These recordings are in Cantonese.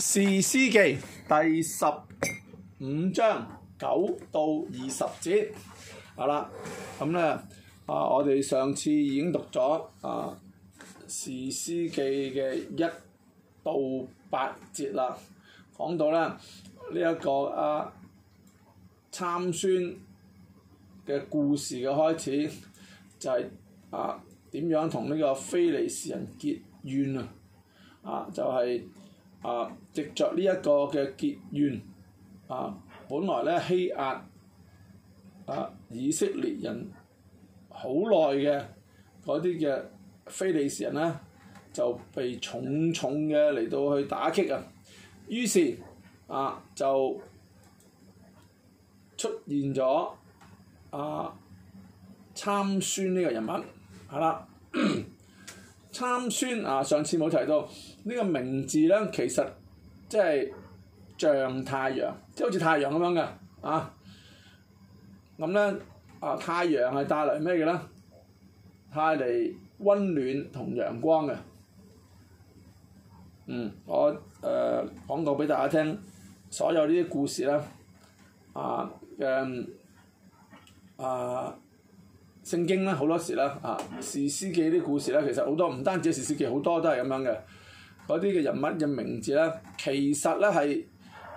《士師記》第十五章九到二十節，好啦，咁咧啊，我哋上次已經讀咗啊《士師記》嘅一到八節啦，講到咧呢一、這個啊參孫嘅故事嘅開始，就係、是、啊點樣同呢個非利士人結怨啊，啊就係、是。啊！藉著呢一個嘅結怨，啊，本來咧欺壓啊以色列人好耐嘅嗰啲嘅非利士人咧，就被重重嘅嚟到去打擊啊！於是啊就出現咗啊參孫呢個人物，好啦。 參孫啊，上次冇提到呢、呢個名字咧，其實即係像太陽，即係好似太陽咁樣嘅啊。咁咧啊，太陽係帶嚟咩嘅咧？帶嚟溫暖同陽光嘅。嗯，我誒、呃、講過俾大家聽，所有呢啲故事啦啊嘅啊。嗯啊聖經啦，好多時啦，啊，士師記啲故事啦，其實好多唔單止係士師記，好多都係咁樣嘅。嗰啲嘅人物嘅名字啦，其實咧係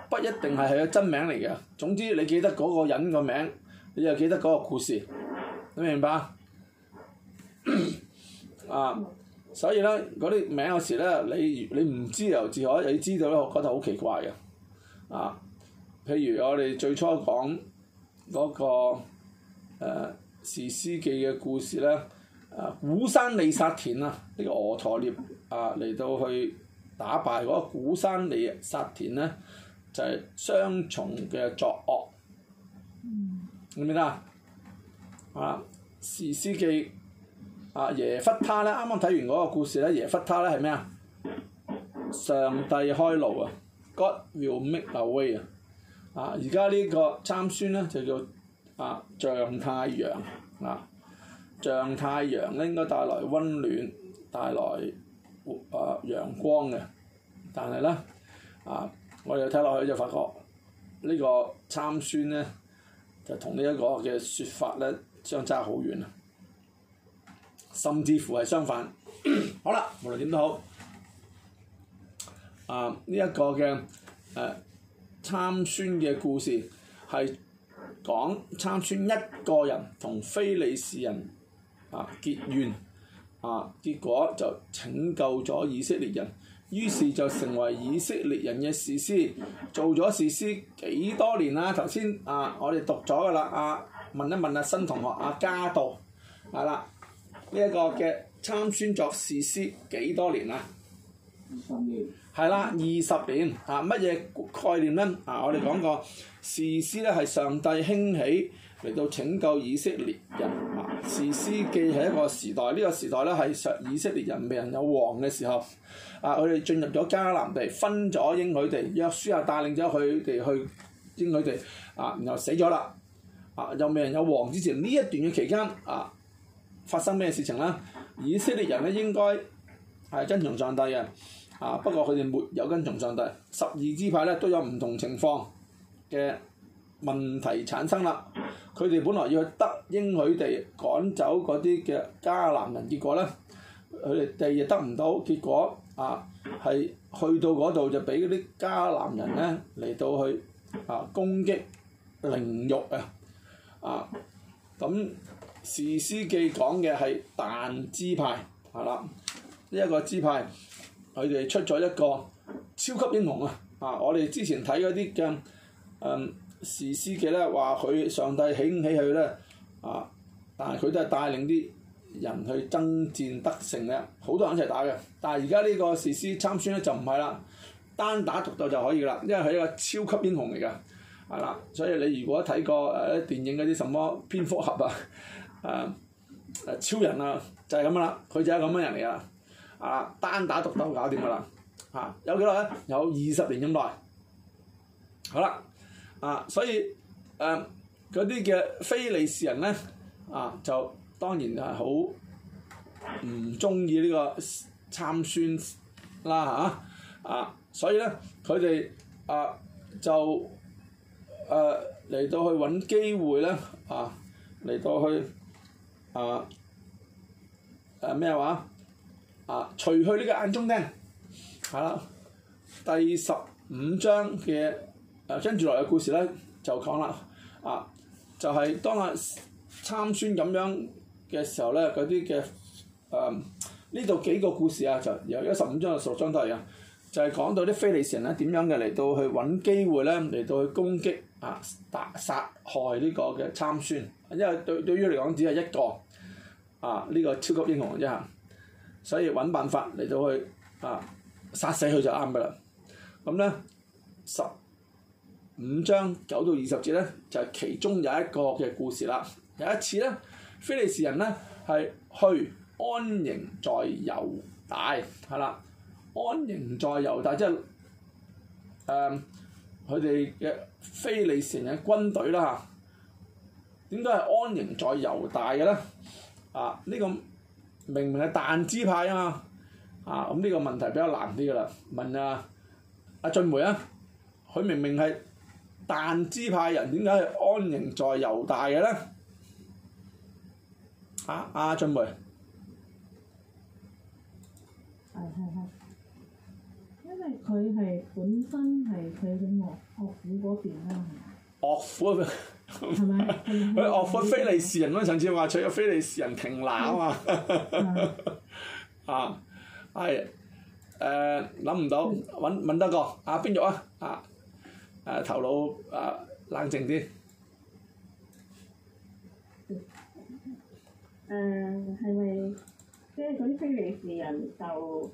不一定係係個真名嚟嘅。總之你記得嗰個人個名，你又記得嗰個故事，你明白？ 啊，所以咧嗰啲名有時咧，你你唔知由自可，你知道咧，我覺得好奇怪嘅。啊，譬如我哋最初講嗰、嗰個、呃士師記嘅故事咧，啊，古山里殺田、這個、啊，呢個俄陀聶啊嚟到去打敗嗰個古山里殺田咧，就係、是、雙重嘅作惡，mm. 明唔明啊？啊，士師記啊，耶弗他咧，啱啱睇完嗰個故事咧，耶弗他咧係咩啊？上帝開路啊，God will make a way 啊，啊，而家呢個參孫咧就叫做。啊，像太陽啊，像太陽咧應該帶來溫暖，帶來啊、呃、陽光嘅。但係咧，啊，我哋睇落去就發覺呢、這個參孫咧，就同呢一個嘅說法咧相差好遠啊，甚至乎係相反。 好啦，無論點都好，啊，呢、這、一個嘅誒、啊、參孫嘅故事係。講參孫一個人同非利士人啊結怨，啊，結，啊結果就拯救咗以色列人，於是就成為以色列人嘅士師，做咗士師幾多年啦、啊？頭先啊，我哋讀咗㗎啦，啊問一問啊新同學啊加道，係啦，呢、這、一個嘅參孫作士師幾多年啊？係啦，二十年啊，乜嘢概念咧？啊，我哋講過，士師咧係上帝興起嚟到拯救以色列人啊。士師記係一個時代，呢、這個時代咧係上以色列人未有王嘅時候，啊，佢哋進入咗迦南地，分咗英佢哋，約書亞帶領咗佢哋去英佢哋，啊，然後死咗啦，啊，又未有王之前呢一段嘅期間，啊，發生咩事情咧？以色列人咧應該係遵從上帝嘅。啊！不過佢哋沒有跟從上帝，十二支派咧都有唔同情況嘅問題產生啦。佢哋本來要去得應許地，佢哋趕走嗰啲嘅迦南人，結果咧，佢哋地又得唔到，結果啊，係去到嗰度就俾嗰啲迦南人咧嚟到去啊攻擊凌辱啊，啊！咁士師記講嘅係但支派係啦，呢一、呢個支派。佢哋出咗一個超級英雄啊！啊，我哋之前睇嗰啲嘅誒士師嘅咧，話、嗯、佢上帝起唔起佢咧？啊，但係佢都係帶領啲人去爭戰得勝嘅，好多人一齊打嘅。但係而家呢個士師參孫咧就唔係啦，單打獨鬥就可以㗎啦，因為係一個超級英雄嚟㗎，係、啊、啦。所以你如果睇過誒、啊、電影嗰啲什麼蝙蝠俠啊、誒、啊、超人啊，就係咁啦，佢就係咁嘅人嚟㗎啦。啊，單打獨鬥搞掂噶啦，嚇有幾耐咧？有二十年咁耐，好啦，啊，所以誒嗰啲嘅非利士人咧，啊就當然係好唔中意呢個參孫啦嚇，啊，所以咧佢哋啊就誒嚟、啊、到去揾機會咧，啊嚟到去啊誒咩話？啊啊！除去呢個眼中釘，係、啊、啦，第十五章嘅誒跟住落嚟嘅故事咧就講啦。啊，就係、是、當阿、啊、參孫咁樣嘅時候咧，嗰啲嘅誒呢度幾個故事啊，就有一十五章到十六章都係啊，就係、是、講到啲非利士人咧點樣嘅嚟到去揾機會咧嚟到去攻擊啊殺害呢個嘅參孫，因為對對於嚟講只係一個啊呢、這個超級英雄一下。所以揾辦法嚟到去啊，殺死佢就啱嘅啦。咁咧，十五章九到二十節咧，就係、其中有一個嘅故事啦。有一次咧，非利士人咧係去安營在猶大，係啦，安營在猶大即係誒佢哋嘅非利士人嘅、就是呃、軍隊啦嚇。點解係安營在猶大嘅咧？啊，呢、呢個明明係但支派啊嘛，啊咁呢、這個問題比較難啲噶啦，問啊阿俊、啊、梅啊，佢明明係但支派人，點解係安營在猶大嘅咧？啊阿俊、啊、梅、啊，因為佢係本身係佢嘅岳岳父嗰邊啦，岳父、啊。哈哈係咪？誒、 嗯，哦非利士人嗰陣時話，取咗非利士人停攪啊！啊，係誒，諗唔到，揾揾得個啊邊肉啊啊！誒，頭腦啊冷靜啲。誒係咪？即係嗰啲非利士人就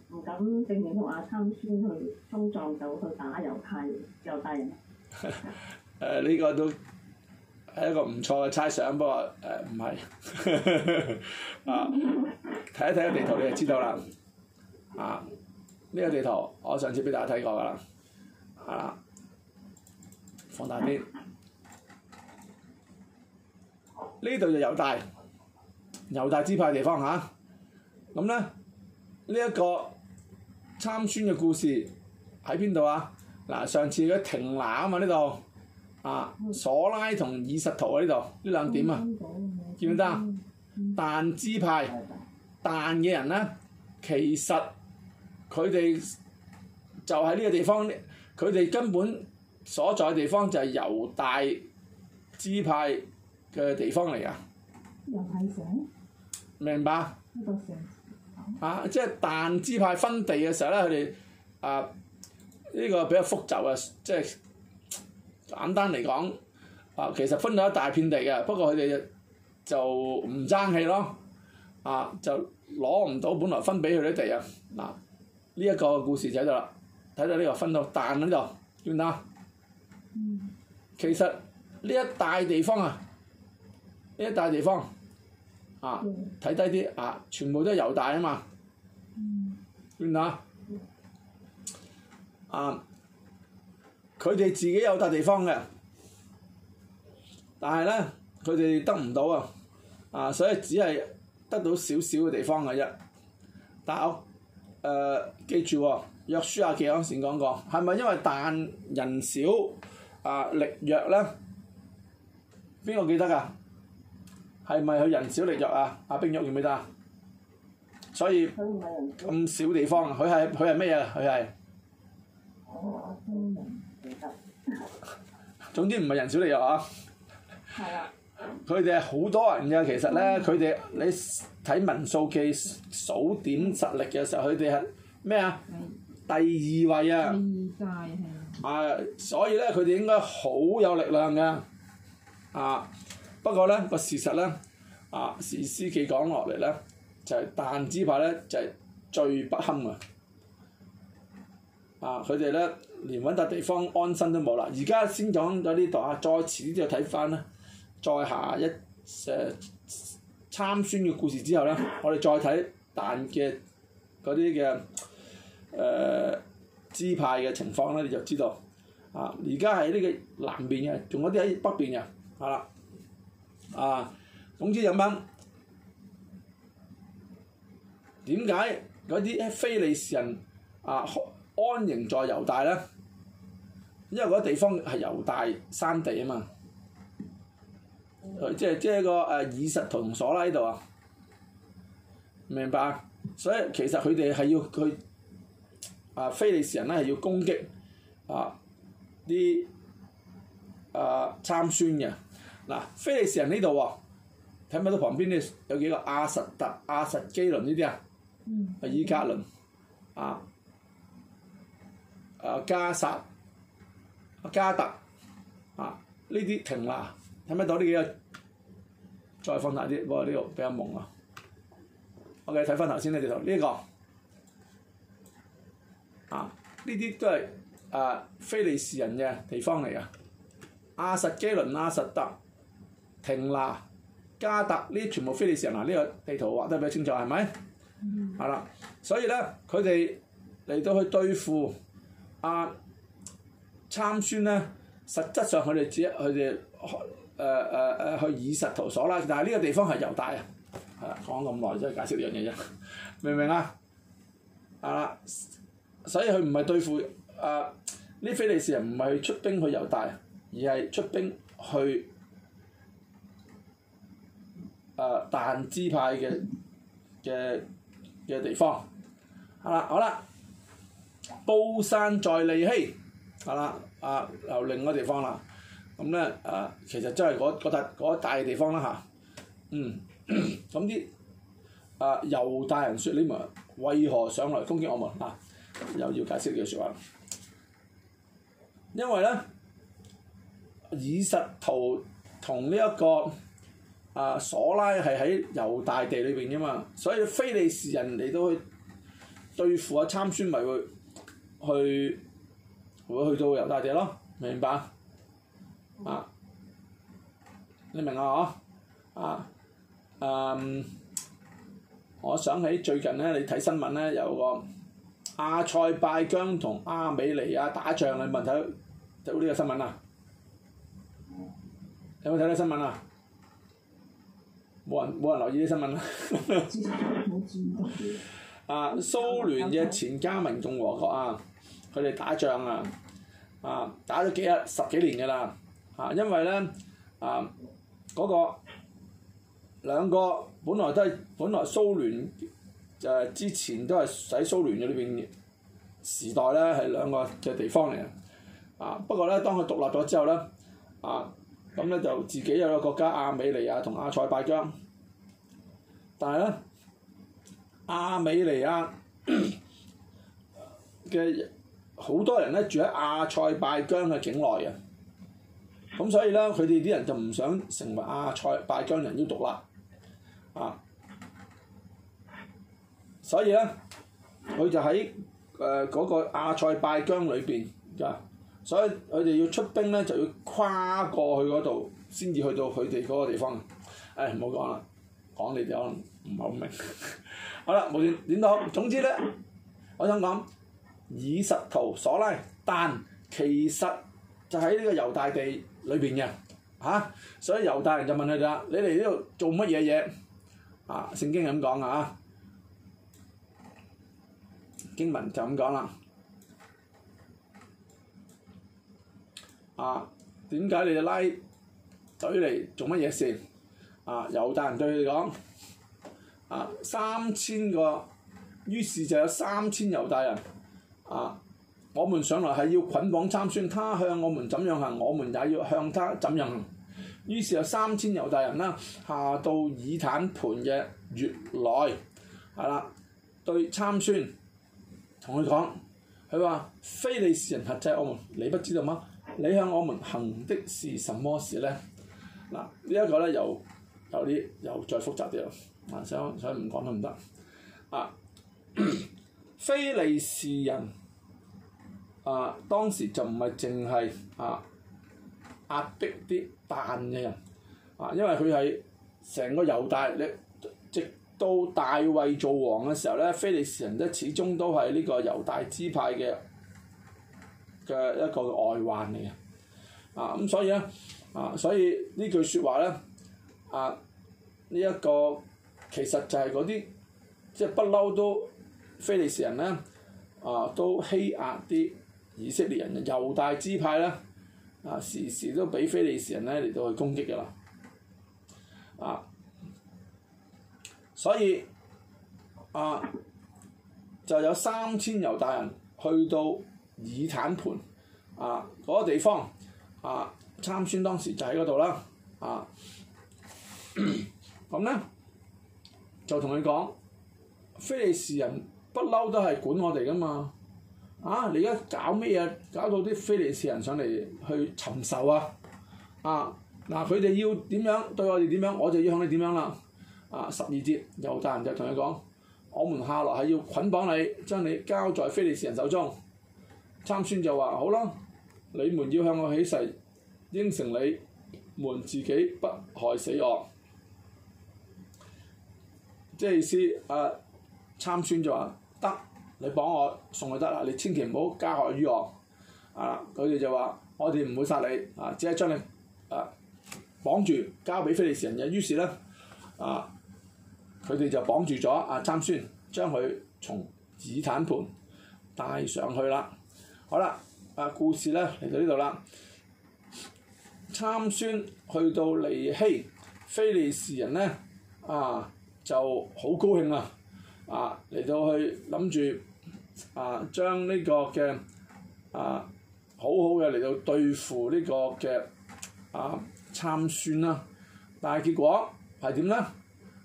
唔敢正面同阿參孫去衝撞就去打猶太人，低人、 啊。誒、這、呢個都～係一個唔錯嘅猜想，呃，不過誒唔係， 啊睇一睇個地圖你就知道啦，啊呢，這個地圖我上次俾大家睇過噶啦，係、啊、啦，放大啲，呢度就猶大，猶大支派嘅地方嚇，咁咧呢一個參孫嘅故事喺邊度啊？嗱上次嘅亭拿啊嘛呢度。啊，索拉同以實陶喺呢度呢兩點啊，嗯嗯嗯、見唔得、啊？但支派但嘅人咧，其實佢哋就喺呢個地方，佢哋根本所在嘅地方就係猶大支派嘅地方嚟噶。猶太、嗯嗯、明白、嗯啊。啊，即係但支派分地嘅時候咧，佢哋啊呢個比較複雜啊，即係。簡單嚟講，啊，其實分到一大片地嘅，不過佢哋就唔爭氣咯，啊，就攞唔到本來分俾佢啲地的啊，嗱，呢一個故事就喺度啦，睇到呢個分到彈喺度，見唔見啊？其實呢一大地方啊，呢一大地方，啊，睇、嗯、低啲啊，全部都係猶大啊嘛，嗯，見唔見啊？啊。佢哋自己有笪地方嘅，但係咧，佢哋得唔到啊！啊，所以只係得到少少嘅地方嘅啫。但係，誒，記住喎，約書亞記我先講過，係咪因為但人少啊力弱咧？邊個記得㗎？係咪佢人少力弱啊？阿冰玉記唔記得啊？所以咁少地方，佢係佢係咩啊？佢係。總之唔係人少力弱啊！係啦，佢哋係好多人嘅。其實咧，佢哋、啊、你睇民數記數點實力嘅時候，佢哋係咩啊？第二位啊！第二位啊！所以咧，佢哋應該好有力量嘅啊！不過咧，個事實咧啊，士師記講落嚟咧，就係但支派咧就係、是、最不堪嘅啊！佢哋咧。連揾笪地方安身都冇啦，而家先講到呢度啊，再遲啲就睇翻啦。再下一誒、呃、參孫嘅故事之後咧，我哋再睇但嘅嗰啲嘅誒支派嘅情況咧，你就知道啊。而家係呢個南邊嘅，仲有啲喺北邊嘅，係啦。啊，總之咁樣點解嗰啲非利士人啊？安營在猶大咧，因為嗰地方係猶大山地啊嘛，即係即係個誒、啊、以實圖同所拉呢度啊，明白？所以其實佢哋係要佢，啊，非利士人咧係要攻擊啊啲啊參孫嘅嗱、啊，非利士人呢度喎，睇唔睇到旁邊呢？有幾個亞實特、亞實基倫呢啲啊？嗯，以革倫啊。誒加薩、加特啊，呢啲亭拿睇唔睇到呢幾個？再放大啲不過喎，呢個比較朦啊。我哋睇翻頭先嘅地圖，呢、呢個啊，呢啲都係誒非利士人嘅地方嚟噶。亞實基倫、亞實特、亭拿、加特呢啲全部非利士人嗱。呢、呢個地圖畫得比較清楚係咪？嗯。係啦，所以咧，佢哋嚟到去對付。阿、啊、參孫咧，實質上佢哋只佢哋，誒誒誒去以實圖所啦。但係呢個地方係猶大，係、啊、啦，講咁耐真係解釋呢樣嘢啫，明唔明啊？啊，所以佢唔係對付啊呢非利士人，唔係出兵去猶大，而係出兵去誒但支派嘅嘅嘅地方。係、啊、啦，好啦。布散在利希，係啦，啊，又另一個地方啦。咁咧，啊，其實真係嗰嗰大嘅、那個、地方啦吓、啊，嗯，咁啲啊，猶大人説：你們為何上來攻擊我們？啊，又要解釋呢句説話。因為咧，以實圖同呢一個啊索拉係喺猶大地裏邊嘅嘛，所以非利士人嚟到去對付啊參孫咪會。去，會去到猶大地咯，明白？啊，你明啊？嗬，啊，嗯、我想起最近咧，你睇新聞咧，有個阿塞拜疆同阿美尼亞打仗，你有冇睇？睇到呢個新聞啊？有冇睇到新聞啊？冇人冇人留意啲新聞啊！ 啊，蘇聯嘅前加盟共和國啊！佢哋打仗啊，啊打咗幾日十幾年嘅啦，嚇、啊，因為咧啊嗰、那個兩個,兩個本來都係本來蘇聯誒之前都係喺蘇聯嘅呢邊時代咧係兩個嘅地方嚟嘅，啊不過咧當佢獨立咗之後咧，啊咁咧就自己有個國家亞美尼亞同亞塞拜疆，但係咧亞美尼亞嘅。 好多人咧住喺阿塞拜疆嘅境內嘅，咁所以咧佢哋啲人就唔想成為阿塞拜疆人要獨立啊，所以咧佢就喺誒嗰個阿塞拜疆裏邊㗎，所以佢哋要出兵咧就要跨過去嗰度先至去到佢哋嗰個地方。誒唔好講啦，講你哋可能唔係 好明。好啦，無論點都好，總之咧，我想講。以實圖所拉但其實就喺呢個猶大地裏邊嘅嚇，所以猶大人就問佢哋啦：，你嚟呢度做乜嘢嘢？啊，聖經係咁講啊，嚇，經文就咁講啦。啊，點解你哋拉隊嚟做乜嘢事？啊，猶大人對佢哋講：，啊，三千個，於是就有三千猶大人。啊！我們上來係要捆綁參孫，他向我們怎樣行，我們也要向他怎樣行。於是有三千猶大人啦、啊，下、啊、到以坦磐嘅穴內，係啦，對參孫同佢講：，佢話非利士人轄制我們，你不知道嗎？你向我們行的是什麼事呢？啊」嗱、這個，呢一個咧，又有啲又再複雜啲啦，啊，想想唔講都唔得。啊， 非利士人。啊！當時就唔係淨係啊壓迫啲但嘅人，啊，因為佢係成個猶大，你直到大衛做王嘅時候咧，非利士人咧始終都係呢個猶大支派嘅嘅一個外患嚟嘅。啊，咁、嗯、所以咧，啊，所以句呢句説話咧，啊，呢一個其實就係嗰啲即係不嬲都非利士人咧，啊，都欺壓啲。以色列人嘅猶大支派咧，啊，時時都俾非利士人咧嚟到去攻擊噶啦，啊，所以啊就有三千猶大人去到以坦盤啊嗰、嗰個地方啊，參孫當時就喺嗰度啦，啊咁咧、 嗯、就同佢講，非利士人不嬲都係管我哋噶嘛。啊！你而家搞咩嘢？搞到啲非利士人上嚟去尋仇啊！啊！嗱，佢哋要點樣對我哋點樣，我就要向你點樣啦！啊！十二節猶大人就同佢講，我們下來係要捆綁你，將你交在非利士人手中。參孫就話：好啦，你們要向我起誓，應承你們自己不害死我。即係意思，啊！參孫就話：得。你綁我送佢得啦，你千祈唔好加害於我，啊！佢哋就話：我哋唔會殺你，啊，只係將你啊綁住，交俾非利士人嘅。於是咧，啊，佢哋就綁住咗阿參孫，將佢從子坦盤帶上去啦。好啦，啊，啊，故事咧嚟到呢度啦。參孫去到利希非利士人咧，啊，就好高興啊！啊，嚟到去諗住。啊，將呢個嘅啊，好好嘅嚟到對付呢個嘅啊參孫啦，但係結果係點咧？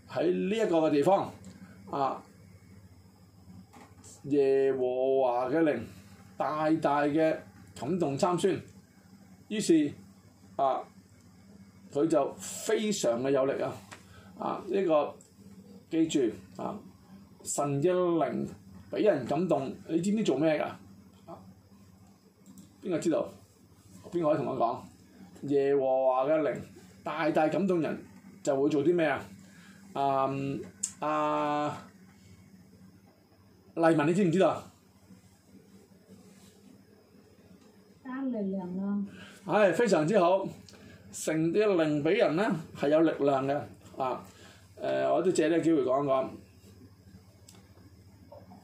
喺呢一個嘅地方，啊耶和華嘅靈大大嘅感動參孫，於是啊佢就非常嘅有力啊！啊呢、這個記住啊神一靈。俾人感動，你知唔知做咩㗎？啊、邊個知道？邊個可以同我講？耶和華嘅靈大大感動人，就會做啲咩啊？啊啊！麗文，你知唔知道啊？加力量咯！唉，非常之好，成啲靈俾人咧係有力量嘅啊！誒、呃，我都借呢個機會講一講。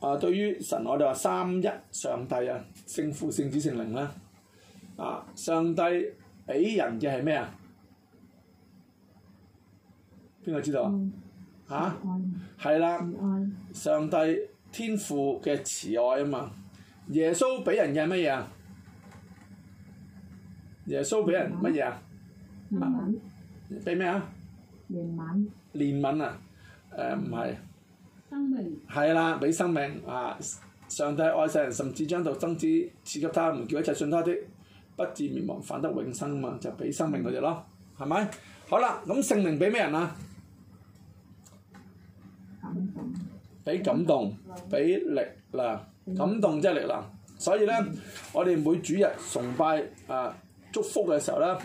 啊！對於神，我哋話三一上帝啊，聖父、聖子、聖靈啦。啊！上帝俾人嘅係咩啊？邊個知道啊？嚇，係啦，上帝天父嘅慈愛啊嘛。耶穌俾人嘅係乜嘢啊？耶穌俾人乜嘢啊？憐憫俾咩啊？憐憫憐憫啊！誒唔係。生命係啦，俾、啊、生命啊！上帝愛世人，甚至將獨生子賜給他們，叫一切信他的，不至滅亡，反得永生啊！嘛，就俾、是、生命嗰隻咯，係咪？好啦，咁聖靈俾咩人啊？俾感動，俾、嗯、力量，感動即係力量。所以咧，嗯、我哋每主日崇拜啊、呃、祝福嘅時候咧，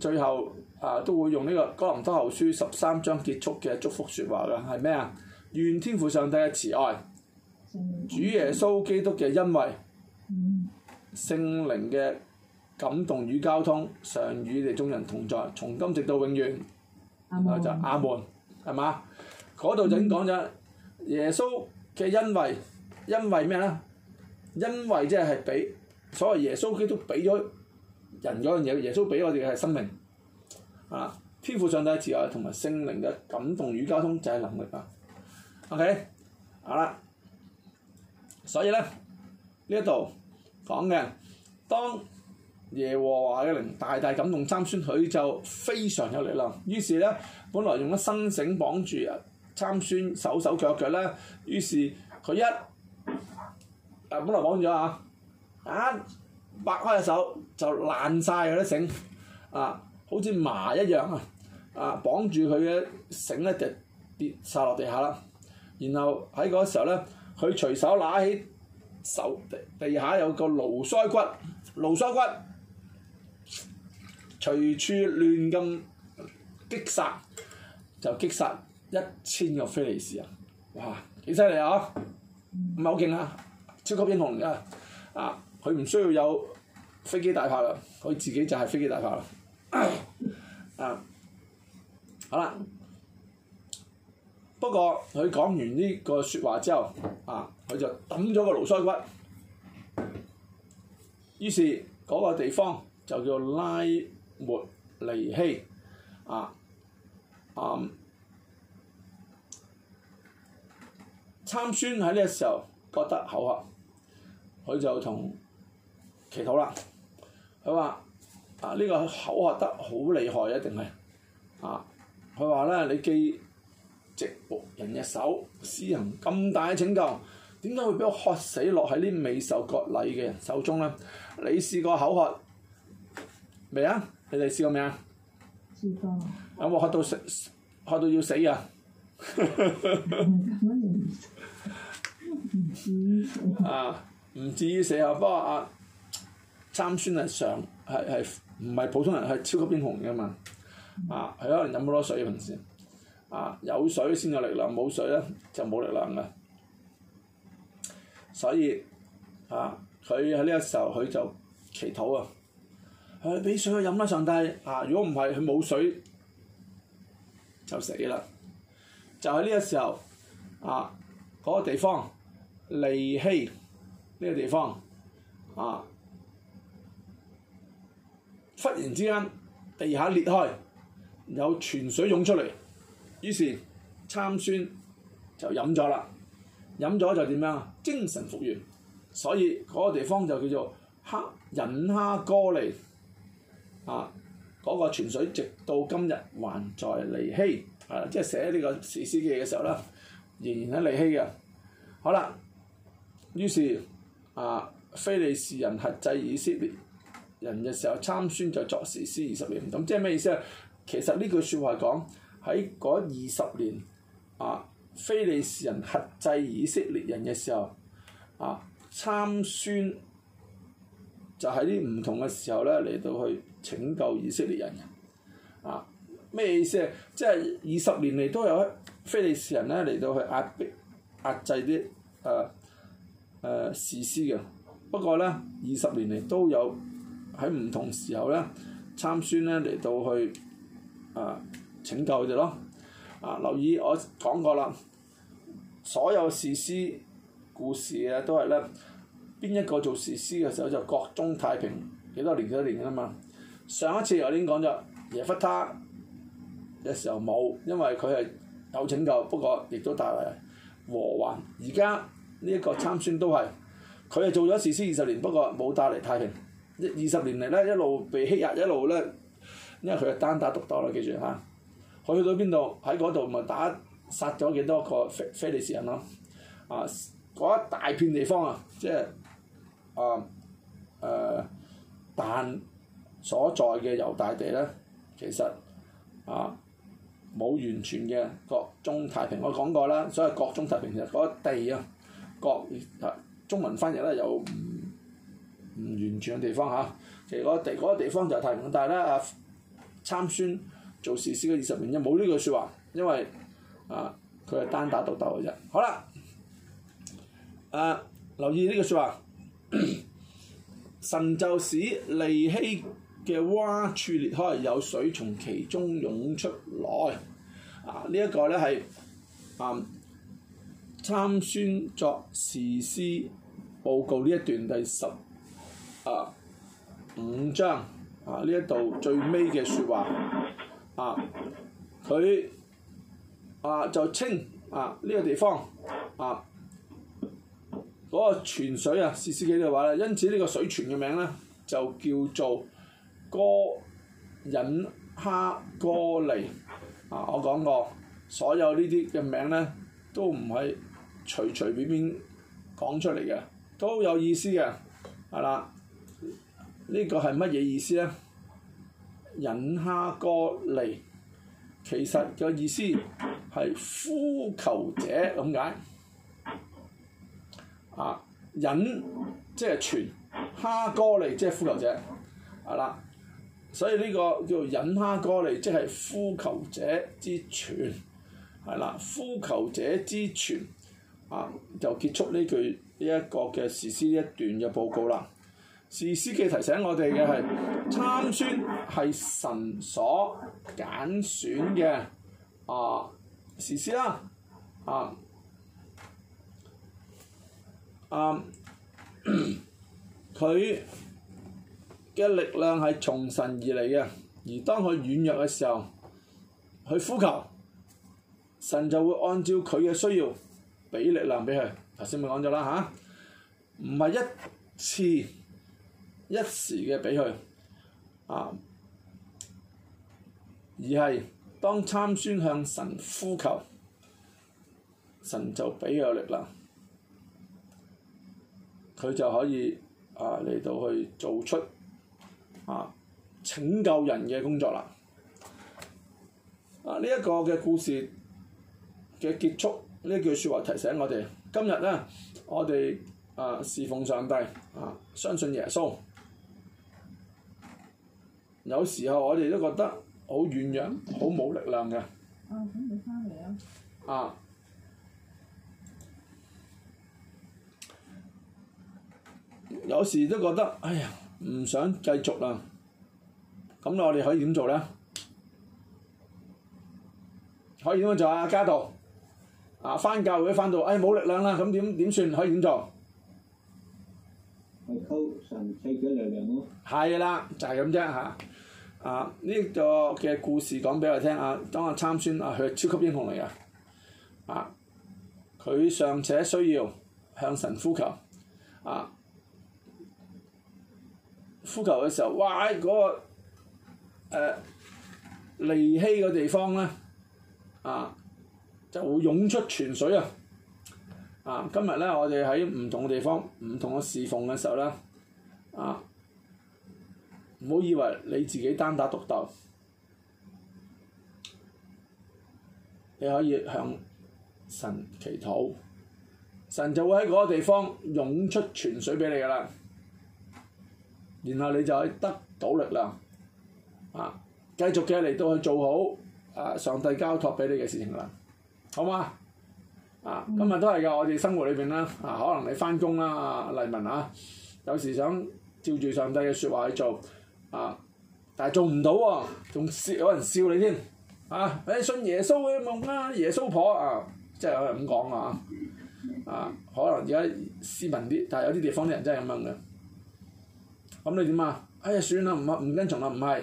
最後啊、呃、都會用呢個《哥林多後書》十三章結束嘅祝福説話嘅係咩啊？願天父上帝嘅慈愛、主耶穌基督嘅恩惠、嗯、聖靈嘅感動與交通，常與你哋眾人同在，從今直到永遠。阿們就阿門，係嘛？嗰度、嗯、就已經講咗耶穌嘅恩惠，恩惠咩咧？恩惠即係係俾所謂耶穌基督俾咗人嗰樣嘢，耶穌俾我哋嘅係生命。啊！天父上帝嘅慈愛同埋聖靈嘅感動與交通就係、是、能力啊！O.K. 好啦，所以咧呢一度講嘅，當耶和華嘅靈大大感動參孫，佢就非常有力量。於是咧，本來用一新繩綁住參孫手手腳腳咧，於是佢一啊本來綁住咗啊，一掰開隻手就爛曬佢啲繩啊，好似麻一樣啊！啊，綁住佢嘅繩咧就跌曬落地下啦～然後喺嗰時候咧，佢隨手拿起手地，地下有個驢腮骨，驢腮骨隨處亂咁擊殺，就擊殺一千個菲利士人，哇幾犀利啊！唔係好勁啊，超級英雄啊！啊，佢唔需要有飛機大炮啦，佢自己就係飛機大炮啦，啊，啊，好啦。不過佢講完呢個説話之後，啊，佢就抌咗個驢腮骨，於是嗰、那個地方就叫拉莫尼希，啊，啊、嗯，參孫喺呢個時候覺得口渴，佢就同祈禱啦，佢話啊，呢個口渴得好厲害，一定係，啊，佢話咧，你記。直僕人嘅手，施行咁大嘅拯救，點解會俾我渴死落喺呢未受割禮嘅人手中咧？你試過口渴未啊？你哋試過未道啊？試過。有冇渴到死？渴到要死啊！唔 啊，唔至於死啊，不過阿參孫啊，上係係唔係普通人係超級英雄嘅嘛？啊，可能飲好多水啊，平時。啊！有水先有力量，冇水咧就冇力量嘅。所以啊，佢喺呢個時候佢就祈禱啊，佢俾水去飲啦，上帝啊！如果唔係佢冇水就死啦。就喺呢個時候啊，嗰個、嗰個地方利希呢個地方、呢個地方啊，忽然之間地下裂開，有泉水湧出嚟。於是參孫就飲咗啦，飲咗就點樣啊？精神復原，所以嗰、那個地方就叫做隱哈歌利啊！嗰、那個泉水直到今日還在利希，係、啊、即係寫呢個士師記嘅時候啦，仍然喺利希嘅。好啦，於是啊，非利士人轄制以色列人嘅時候，參孫就作士師二十年。咁即係咩意思啊？其實呢句説話講。喺嗰二十年啊，非利士人壓制以色列人嘅時候，啊，參孫就喺啲唔同嘅時候咧嚟到去拯救以色列人嘅。啊，咩意思？即係二十年嚟都有非利士人咧嚟到去壓迫壓制啲誒誒士師嘅。不過咧，二十年嚟都有喺唔同時候咧，參孫咧嚟到去啊。拯救就咯，啊！留意我講過啦，所有士師故事咧都係咧，邊一個做士師嘅時候就國中太平幾多年幾多年㗎嘛？上一次我已經講咗，耶弗他，嘅時候冇，因為佢係有拯救，不過亦、這個、都帶嚟禍患。而家呢一個參孫都係，佢係做咗士師二十年，不過冇帶嚟太平。二十年嚟咧，一路被欺壓，一路咧，因為佢係單打獨鬥啦，記住嚇。啊去到邊度喺嗰度咪打殺咗幾多個非利士人咯、啊？啊，嗰一大片地方啊，即係啊誒、呃、但所在嘅猶大地咧，其實啊冇完全嘅國中太平，我講過啦，所謂國中太平其實嗰地啊，國誒中文翻譯咧有唔唔完全嘅地方嚇、啊，其實嗰地嗰、那個、地方就太平，但係咧啊參孫。做士師嘅二十年，一冇呢句説話，因為啊，佢、呃、係單打獨鬥嘅啫。好啦，啊、呃，留意呢句説話， 神就使利希嘅窪處裂開，有水從其中湧出來。啊、呃，這個、呢一個咧係啊參孫作士師報告呢一段第十啊、呃、五章啊呢一度最尾嘅説話。啊！佢啊就稱啊呢、這個地方啊嗰、那個泉水啊，士師記嘅話咧，因此呢個水泉嘅名咧就叫做哥隱哈歌利啊！我講過，所有呢啲嘅名咧都唔係隨隨便便講出嚟嘅，都有意思嘅。係啦，呢、這個係乜嘢意思咧？引哈哥利，其實嘅意思係呼求者咁解。啊，引即係傳，哈哥利，即係呼求者。係啦，所以呢個叫做引哈哥利，即係呼求者之傳。係啦，呼求者之傳。啊，就結束呢句呢一個嘅士師一段嘅報告啦。士師記提醒我哋嘅係，參孫係神所揀選嘅啊士師啦，啊啊佢嘅力量係從神而嚟嘅，而當佢軟弱嘅時候，去呼求神就會按照佢嘅需要俾力量俾佢。頭先咪講咗啦，吓，唔係一次。一時嘅俾佢啊，而係當參孫向神呼求，神就俾佢力量，佢就可以啊嚟到去做出啊拯救人嘅工作啦。啊，呢一個嘅故事嘅結束，呢句説話提醒我哋，今日咧我哋啊侍奉上帝啊，相信耶穌。有時候我哋都覺得好軟弱，好冇力量嘅。啊，咁你翻嚟啊！啊，有時都覺得，哎呀，唔想繼續啦。咁我哋可以點做咧？可以點樣做啊？家道啊，翻教會翻到，哎，冇力量啦，咁點點算？可以點做？去係啦，就係咁啫嚇。啊啊！呢、這個嘅故事講俾我聽啊，當我參孫啊，佢係超級英雄嚟㗎，啊！佢尚且需要向神呼求，啊！呼求嘅時候，哇！嗰、那個誒利希嘅地方咧，啊，就會湧出泉水啊！啊！今日咧，我哋喺唔同嘅地方、唔同嘅侍奉嘅時候咧，啊！唔好以為你自己單打獨鬥，你可以向神祈禱，神就會喺嗰個地方湧出泉水俾你噶啦，然後你就可以得到力量，啊，繼續嘅嚟到去做好，啊，上帝交託俾你嘅事情啦，好嗎？啊，今日都係嘅，我哋生活裏邊啦。啊，可能你翻工啦，啊、黎文啊，有時想照住上帝嘅説話去做。啊！但係做唔到喎，啊，仲笑有人笑你添，啊！誒信耶穌嘅夢啦，耶穌婆啊，即係有人咁講噶啊，可能而家斯文啲，但係有啲地方啲人真係咁問嘅，咁，啊、你點啊？哎呀，算啦，唔唔跟從啦，唔係，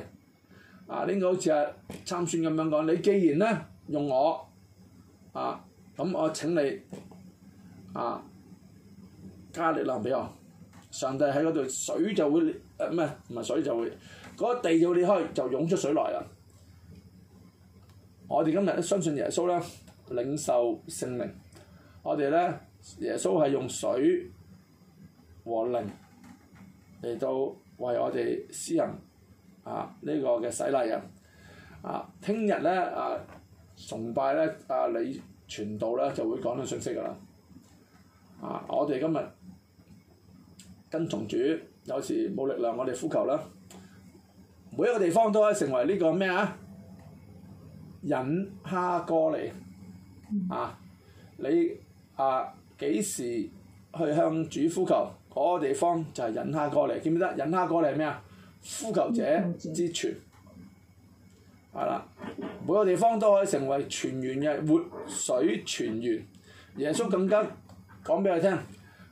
啊呢個好似係參孫咁樣講，你既然咧用我，啊，咁我請你，啊，加力量，俾我，上帝喺嗰度，水就會。誒唔係唔係，呃、水就會嗰、嗰個、地要裂開，就湧出水來啦。我哋今日都相信耶穌咧，領受聖靈。我哋咧，耶穌係用水和靈嚟到為我哋施行，啊呢、呢個嘅洗禮啊。聽日咧啊，崇拜咧啊，李傳道咧就會講啲信息噶啦。啊，我哋今日跟從主。有時冇力量，我哋呼求啦。每一個地方都可以成為呢個咩啊？引哈哥嚟啊！你啊幾時去向主呼求？嗰、那個地方就係引哈哥嚟，記唔記得？引哈哥嚟係咩啊？呼求者之泉，係、啊、啦。每個地方都可以成為泉源嘅活水泉源。耶穌咁急講俾佢聽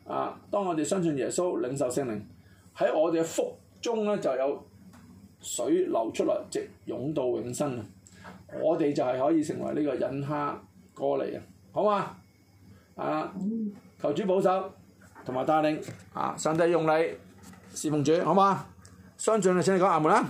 啊！當我哋相信耶穌，領受聖靈。喺我哋嘅腹中咧，就有水流出來，直湧到永生啊！我哋就係可以成為呢個隱蝦過嚟啊！好嗎？啊，求主保守同埋帶領，啊！上帝用你侍奉主，好嗎？相信啊，請你講阿門啦。